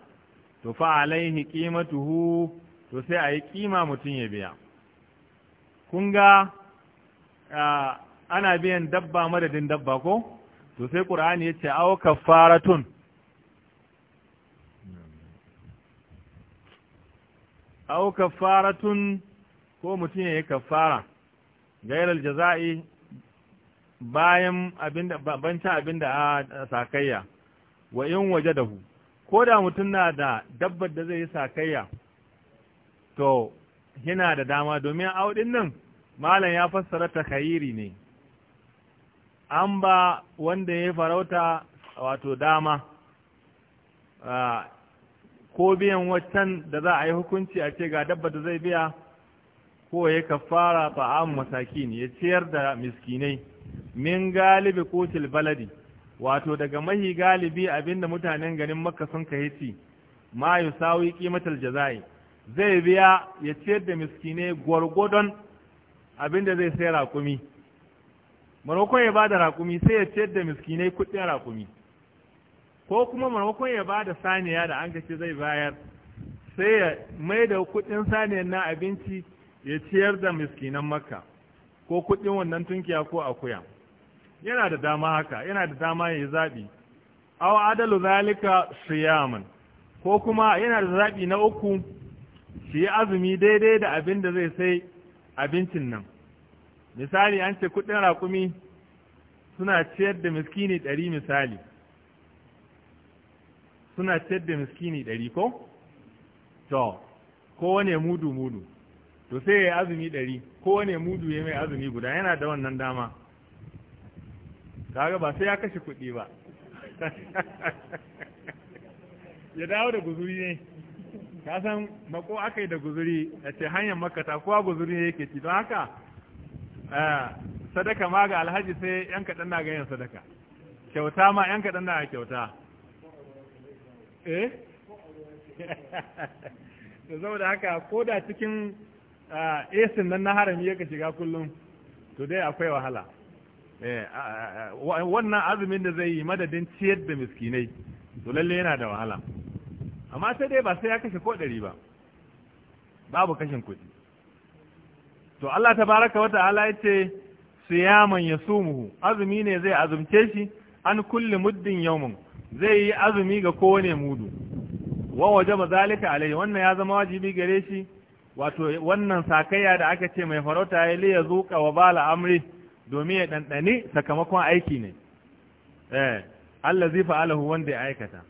to fa alaihi qimatuhu to sai a yi kima mutum ya biya kun ga ana biyan dabba madadin dabba ko to sai qur'ani ya ce aw kafaratun au kafaratun ko mutum ya yi kafara gairar jaza'i bayan abinda abin da a sakayya wa in waje dahu ko da mutum na da dabbar da zai yi sakayya to yana da dama domin audin nan malam ya fassara ta ne an ba wanda ya farauta wato dama ko biyan waccan da za a yi hukunci a ce ga dabba da zai biya ko ya kafara masaki masakin ya ciyar da miskinai min galibi kotil baladi wato daga mahi galibi abinda mutanen ganin makka sun ci ma sawi qimatal jazai zai biya ya ciyar da miskinai gwargwadon abinda zai sai raƙumi ko ya bada da raƙumi sai ya ciyar da miskinai kuɗin rakumi ko kuma maimakon ya ba da saniya da an ce zai bayar sai ya mai da kudin saniya na abinci ya ciyar da miskinan makka ko kudin wannan tunkiya ko akuya yana da dama haka yana da dama ya yi zaɓi awa adalu zalika siyaman ko kuma yana da zaɓi na uku shi azumi daidai da abin da zai sai abincin nan misali an ce kudin raƙumi suna ciyar da miskini ɗari misali suna ciyar da miskini ɗari ko? to kowane mudu mudu to sai ya yi azumi ɗari kowane mudu ya mai azumi guda yana da wannan dama ga ba sai ya kashe kuɗi ba ya dawo da guzuri ne ka san mako aka yi da guzuri a ce hanyar makata kowa guzuri ne yake ci don haka sadaka ma ga alhaji sai yan kaɗan na ga yin sadaka kyauta ma yan kaɗan na kyauta eh da haka ko da cikin esin nan na harami yaka shiga kullum to dai akwai wahala eh, wannan azumin da zai yi madadin ciyar da miskinai to lalle yana da wahala amma sai dai ba sai ya kashe ko ɗari ba babu kashin kuɗi to Allah ta baraka tabaraka wa ta'ala yace siyaman sumuhu azumi ne zai azumce shi an kulle muddin yawmin zai yi azumi ga kowane mudu wa wajaba zalika alai wannan ya zama wajibi gare shi wato wannan sakayya da aka ce mai farauta ya liya zuka wa bala amri domin ya ɗanɗani sakamakon aiki ne eh allazi Alahu wanda ya aikata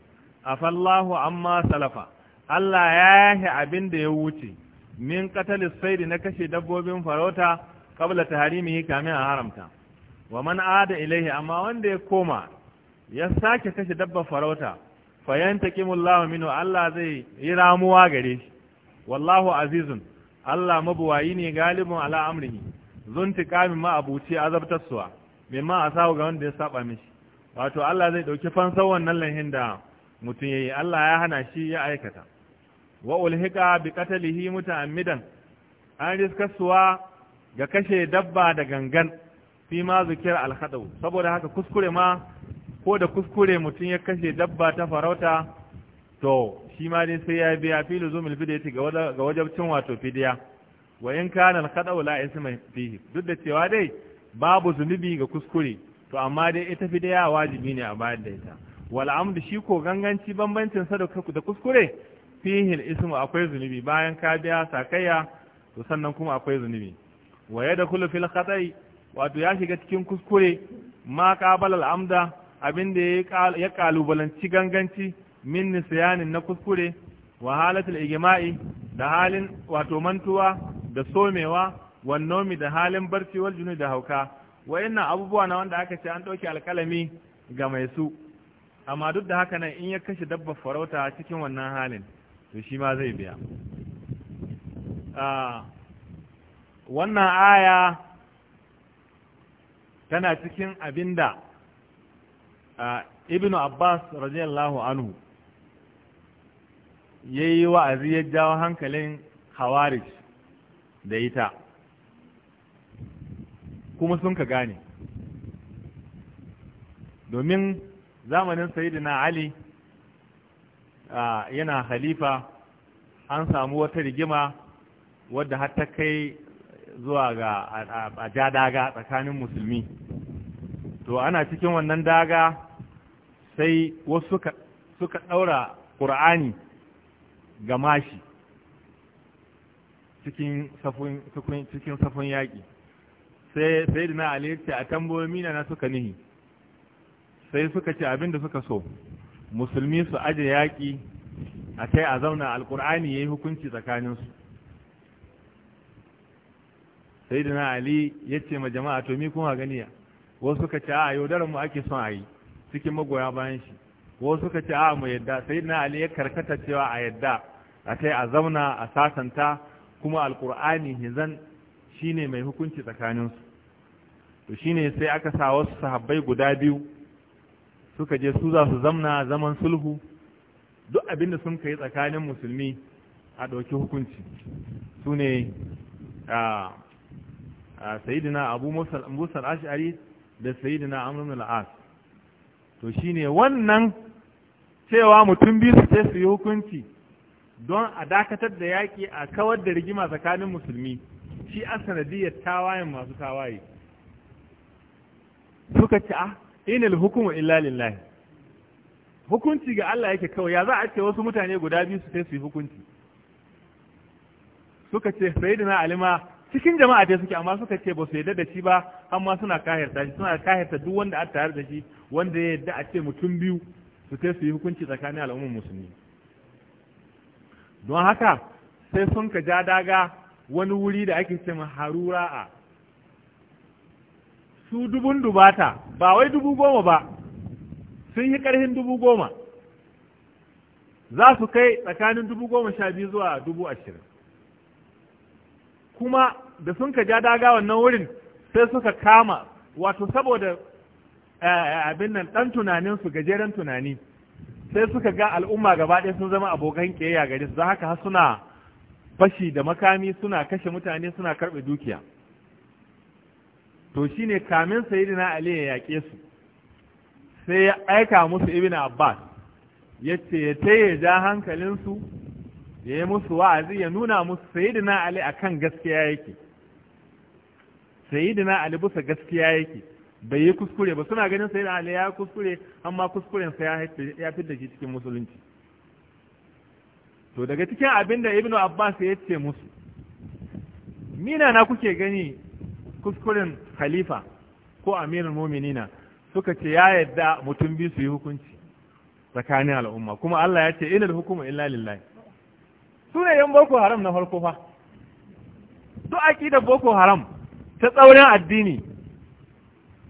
afallahu amma salafa Allah ya yi abin da ya wuce min sai saidi na kashe dabbobin farauta qabla taharimihi kamin a haramta wa man ada ilaihi amma wanda ya koma ya sake kashe dabba farauta fayantaqimullahu minhu Allah zai yi ramuwa gare shi wallahu azizun Allah mabuwayi ne galibin ala amrihi zuntiqamin ma abuci azabtaswa mimma asahu ga wanda ya saba mishi wato Allah zai ɗauki fansan wannan lahin da mutun yayi Allah ya hana shi ya aikata wa ulhiqa bi qatlihi muta'ammidan an riskaswa ga kashe dabba da gangan fi ma zikir al saboda haka kuskure ma ko da kuskure mutum ya kashe dabba ta farauta to shi ma dai sai ya biya fi luzumul fidyati ga wajabcin wato fidiya wa in kana al-khada'u la isma fihi duk da cewa dai babu zunubi ga kuskure to amma dai ita fidiya wajibi ne a bayar da ita wal amd shi ko ganganci bambancin sa da kuskure fihi al-ismu akwai zunubi bayan ka biya sakayya to sannan kuma akwai zunubi wa yadkhulu fil khata'i wato ya shiga cikin kuskure ma qabala al-amda abin da ya kalubalanci ganganci min nisyanin na kuskure wa halatul ijma'i da halin wato mantuwa da somewa wan nomi da halin barci wal junu da hauka wayannan abubuwa na wanda aka ce an ɗauki alkalami ga mai su amma duk da haka nan in ya kashe dabba farauta cikin wannan halin to shi ma zai biya wannan aya tana cikin abinda ibnu abbas radiyallahu anhu ya yi wa'azi ya jawo hankalin hawarij da ita kuma sun ka gane domin zamanin sayidina ali yana halifa an samu wata rigima wadda har ta kai zuwa ga a tsakanin musulmi to ana cikin wannan daga sai wasu suka suka ɗaura ƙur'ani ga mashi cikin safin yaƙi sai sai da na ce a tambayoyi na suka nihi sai suka ce abinda suka so musulmi su aje yaƙi a kai a zauna alƙur'ani ya hukunci tsakaninsu sai da na ali ya ce ma jama'a to mi kuma ganiya wasu suka ce a yaudarar mu ake son a yi cikin magoya bayan shi wasu suka ce a mu yadda sai na ali ya karkata cewa a yadda a kai a zauna a sasanta kuma alkur'ani hizan shine mai hukunci tsakaninsu to shine sai aka sa wasu sahabbai guda biyu suka je su za su zamna zaman sulhu duk abinda sun kai tsakanin musulmi a ɗauki hukunci su ne a sayidina abu musal ash'ari da sayyidina amr ibn al-as to shine wannan cewa mutum biyu su ce su yi hukunci don a dakatar da yaƙi a kawar da rigima tsakanin musulmi shi a sanadiyar tawayen masu tawaye suka ce a ah, inil hukumu illa lillahi hukunci ga Allah yake kawai ya za a ce wasu mutane guda biyu su sai su yi hukunci suka ce sayyidina alima cikin jama'a dai suke amma suka ce ba su yadda da shi ba amma suna kahirta shi suna kahirta duk wanda a tare da shi wanda ya yadda a ce mutum biyu su kai su yi hukunci tsakanin al'ummar musulmi don haka sai sun ka ja daga wani wuri da ake ce harura'a su dubun dubata ba wai dubu goma ba sun yi ƙarfin dubu goma za su kai tsakanin dubu goma sha biyu zuwa dubu ashirin kuma da sun ka ja daga wannan wurin sai suka kama wato saboda eh, abin nan ɗan tunaninsu gajeren tunani sai suka ga al'umma gaba ɗaya sun zama abokan ƙiyayya gare su haka har suna fashi da makami suna kashe mutane suna karɓe dukiya to shine kamin sayyidina ali ya yaƙe su sai ya aika musu ibn abbas yace ya taya ja hankalinsu da ya musu wa'azi ya nuna musu sayidina ali a kan gaskiya yake sayidina ali busa gaskiya yake bai yi kuskure ba suna ganin sayidina ali ya kuskure amma kuskuren sa ya da shi cikin musulunci to daga cikin abin da ibnu abbas ya ce musu mina na kuke gani kuskuren khalifa ko amirul mu'minina suka ce ya yadda mutum biyu su yi hukunci tsakanin al'umma kuma Allah ya ce da hukuma illa lillahi su ne yan boko haram na farko fa duk da boko haram ta tsaurin addini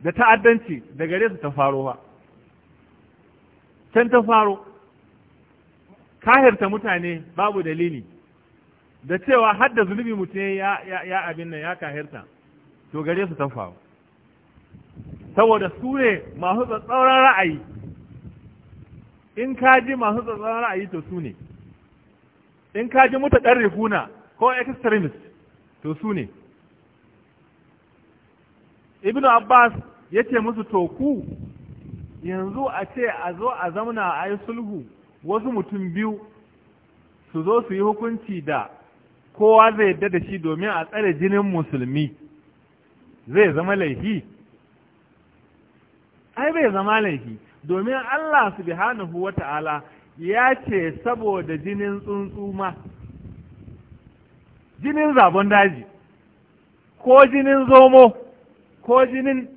da ta'addanci da gare su ta faro ba can ta faro kahirta mutane babu dalili da cewa har da zunubi mutum ya abin nan ya kahirta to gare su ta faro saboda su ne masu tsatsauran ra'ayi in ka ji masu tsatsauran ra'ayi to su ne in ka ji muta ɗan rihuna ko extremist to su ne ibnu abbas ya ce musu to ku yanzu a ce a zo a zamana a yi sulhu wasu mutum biyu su zo su yi hukunci da kowa zai yadda da shi domin a tsare jinin musulmi zai zama laifi ai bai zama laifi domin Allah subhanahu Ta'ala. ya ce saboda jinin tsuntsu ma jinin zabon daji ko jinin zomo ko jinin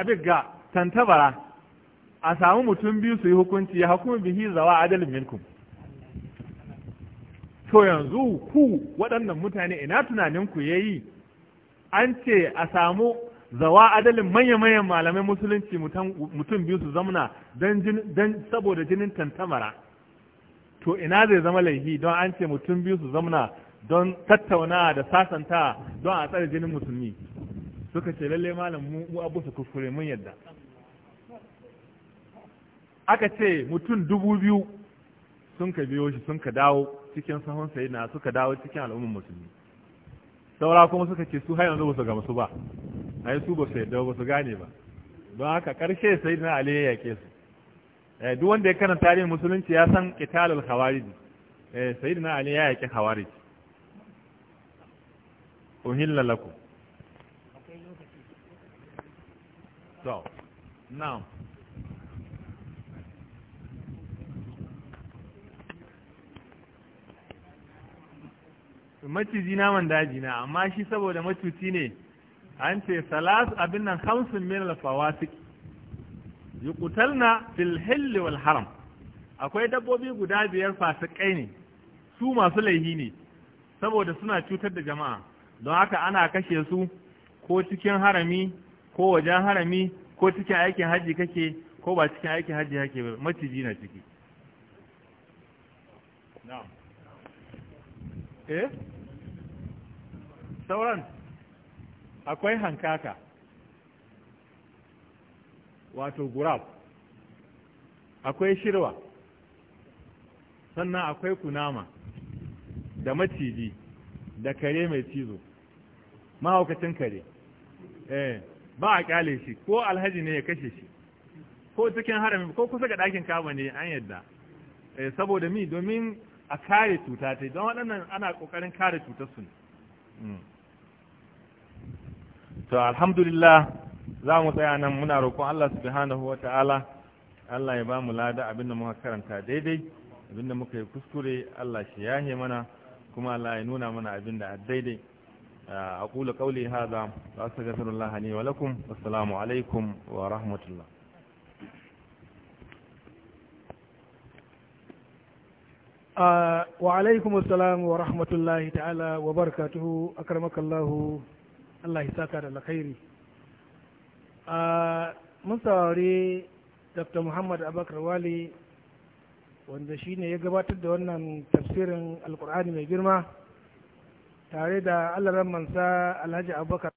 abiga tantabara a samu mutum biyu su yi hukunci ya hukumi bihi zawa adalin minkum to yanzu ku waɗannan mutane ina tunaninku ya yi an ce a samu zawa adalin manya-manyan malamai musulunci mutum biyu su zamna don saboda jinin tantamara to ina zai zama laifi don an ce mutum biyu su zamna don tattauna da sasanta don a tsare jinin musulmi suka ce lalle malam mu abu su kuskure mun yadda aka ce mutum dubu biyu sun ka biyo shi sun ka dawo cikin sahun sayina suka dawo cikin al'ummar musulmi saura kuma suka ce su har yanzu ba su gamsu ba ai su ba su yadda ba su gane ba don haka karshe sai na ali ya yake su eh duk wanda ya karanta tarihin musulunci ya san qitalul khawarij eh sayyidina ali ya yake khawarij uhilla lakum so now maciji naman daji na amma shi saboda macuci ne an ce salas abin nan hamsin min alfawasik yuqtalna fil hill wal haram akwai dabbobi guda biyar fasikai ne su masu laihi ne saboda suna cutar da jama'a don haka ana kashe su ko cikin harami ko wajen harami ko cikin aikin haji kake ko ba cikin aikin haji kake ba maciji na ciki na'am eh sauran akwai hankaka wato gurab akwai shirwa sannan akwai kunama da maciji da kare mai cizo mahaukacin kare eh ba a kyale shi ko alhaji ne ya kashe shi ko cikin harami ko kusa ga ɗakin kama ne an yadda eh, saboda mi domin a kare cuta ta don waɗannan ana ƙoƙarin kare cutar su ne hmm. to alhamdulillah za mu tsaya nan muna roƙon Allah subhanahu wa ta'ala Allah ya ba mu lada abinda muka karanta daidai abinda muka yi kuskure Allah shi yahe mana kuma Allah ya nuna mana abinda daidai a أقول قولي هذا وأستغفر الله لي ولكم والسلام wa ورحمة الله وعليكم السلام ورحمة الله تعالى وبركاته a karmakallahu. Allah ya saka da alkhairi a mun saurari Dr. Muhammad Abakar Wali wanda shi ne ya gabatar da wannan tafsirin Alkur'ani mai girma tare da Allah ramansa Alhaji Abubakar